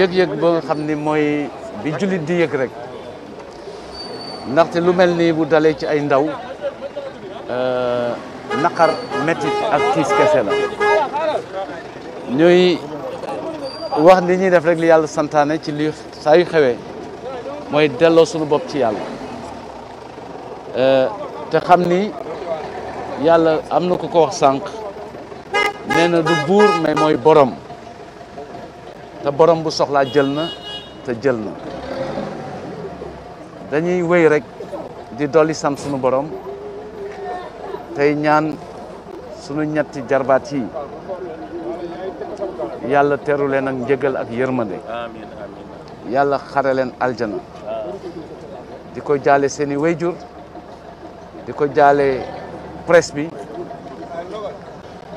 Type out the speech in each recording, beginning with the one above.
yëg-yëg ba nga xam ni mooy bi jullit di yëg rek ndaxte lu mel ni bu dalee ci ay ndaw euh, naqar métit ak tiis kese la ñuy wax ni ñuy def rek li yàlla santaane ci li saa yu xewee mooy delloo suñu bopp ci yàlla euh, te xam ni yàlla am na ku ko wax sànq nee na du buur mais mooy borom te borom bu soxlaa jël na te jël na dañuy wéy rekk di dolli sant sunu boroom tey ñaan sunu ñetti jarbaat yi yàlla teru leen ak njëgal ak yërmande yàlla xare leen aljana di ko jaale seeni wayjur di ko jaale presse bi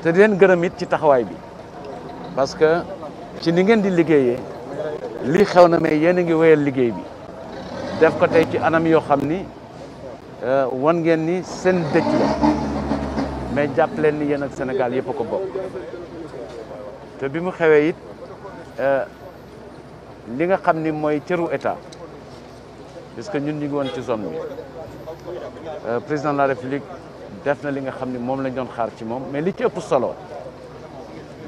te di leen gërëm it ci taxawaay bi parce que ci ni ngeen di liggéeyee lii xew na mais yéen a ngi wéyal liggéey bi def ko tey ci anam yoo xam ni euh, wan ngeen ni seen dëcc la mais jàpp leen ni yéen ak Sénégal yëpp ko bokk te bi mu xewee it euh, li nga xam ni mooy cëru état que ñun ñu ngi woon ci zone bi euh, président de la république def na li nga xam ni moom lañ doon xaar ci moom mais li ci ëpp solo.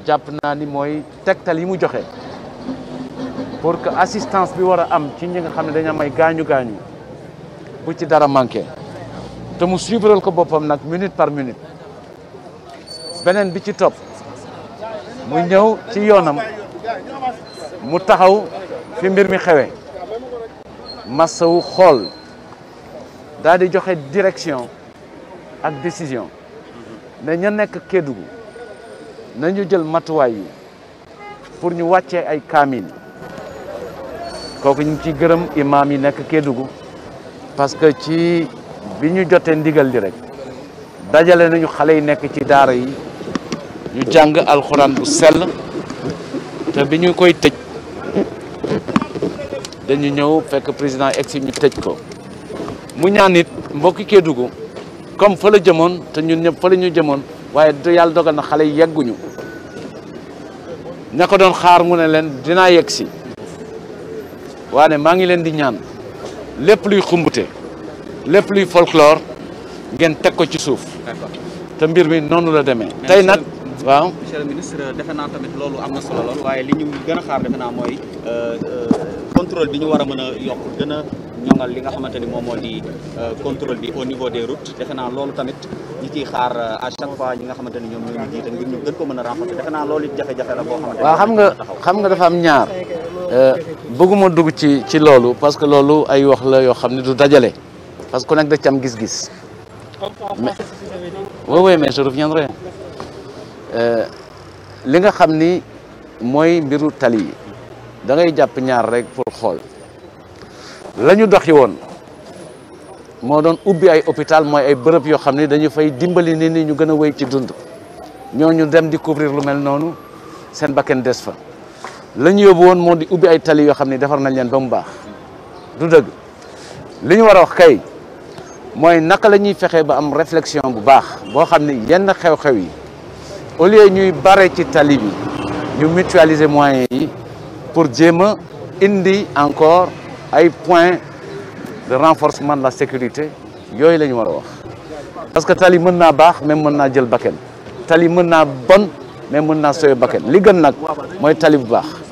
jàpp naa ni mooy tegtal yi mu joxe pour que assistance bi war a am ci ñi nga xam ne dañu am ay gaañu gaañu bu ci dara manqué te mu suivral ko boppam nag minute par minute beneen bi ci topp mu ñëw ci yoonam mu taxaw fi mbir mi xewe massawu xool daal joxe direction ak décision ne ña nekk Kédougou nañu jël matuwaay yi pour ñu wàccee ay kaamil kooku ñu ngi gërëm imaam yi nekk Kédougou parce que ci bi ñu jotee ndigal li rek dajale nañu xale yi nekk ci daara yi ñu jàng alxuraan bu sell te bi ñu koy tëj dañu ñëw fekk président egsi ñu tëj ko mu ñaan it mbokki Kédougou comme fa la jëmoon te ñun ñëpp fa la ñu jëmoon waaye yàlla dogal na xale yi yegguñu ña doon xaar mu ne leen dinaa yegg si waane maa ngi leen di ñaan lépp luy xumbute lépp luy folklore ngeen teg ko ci suuf te mbir mi noonu la demee tey nag waaw monsieur le ministre defe naa tamit loolu am na solo lool waaye li ñu gën a xaar defe naa mooy euh, euh, contrôle bi ñu war a mën a yokk gën ñoŋal li nga xamante ni moom moo di euh, contrôle bi au niveau des routes defe naa loolu tamit ñi ciy xaar euh, à chaque fois ñi nga xamante ni ñoom ñoo ñu jiite ngir mën a renforcer defe naa loolu it jafe-jafe la boo xamante waaw xam nga xam nga dafa am ñaar euh, bëgguma dugg ci ci loolu parce que loolu ay wax la yoo xam ne du dajale parce que ku nekk da ci am gis-gis mais oui oui mais je reviendrai li nga xam ni mooy mbiru tali yi da ngay jàpp ñaar rek pour xool la ñu doxi woon moo doon ubbi ay hôpital mooy ay bërëb yoo xam ne dañu fay dimbali nii ñi ñu gën a wéy ci dund ñoo ñooñu dem di couvrir lu mel noonu seen bakken des fa la ñu yóbbu woon moo di ubbi ay tali yoo xam ne defar nañ leen ba mu baax du dëgg li ñu war a wax kay mooy naka lañuy fexe ba am réflexion bu baax boo xam ne yenn xew-xew yi au lieu ñuy bare ci tali bi ñu mutualiser moyens yi pour jéem a indi encore ay points de renforcement de la sécurité yooyu la ñu war a wax parce que tali mën naa baax mais mën naa jël bakken tali mën naa bon mais mën naa soyo bakken li gën nag mooy tali bu baax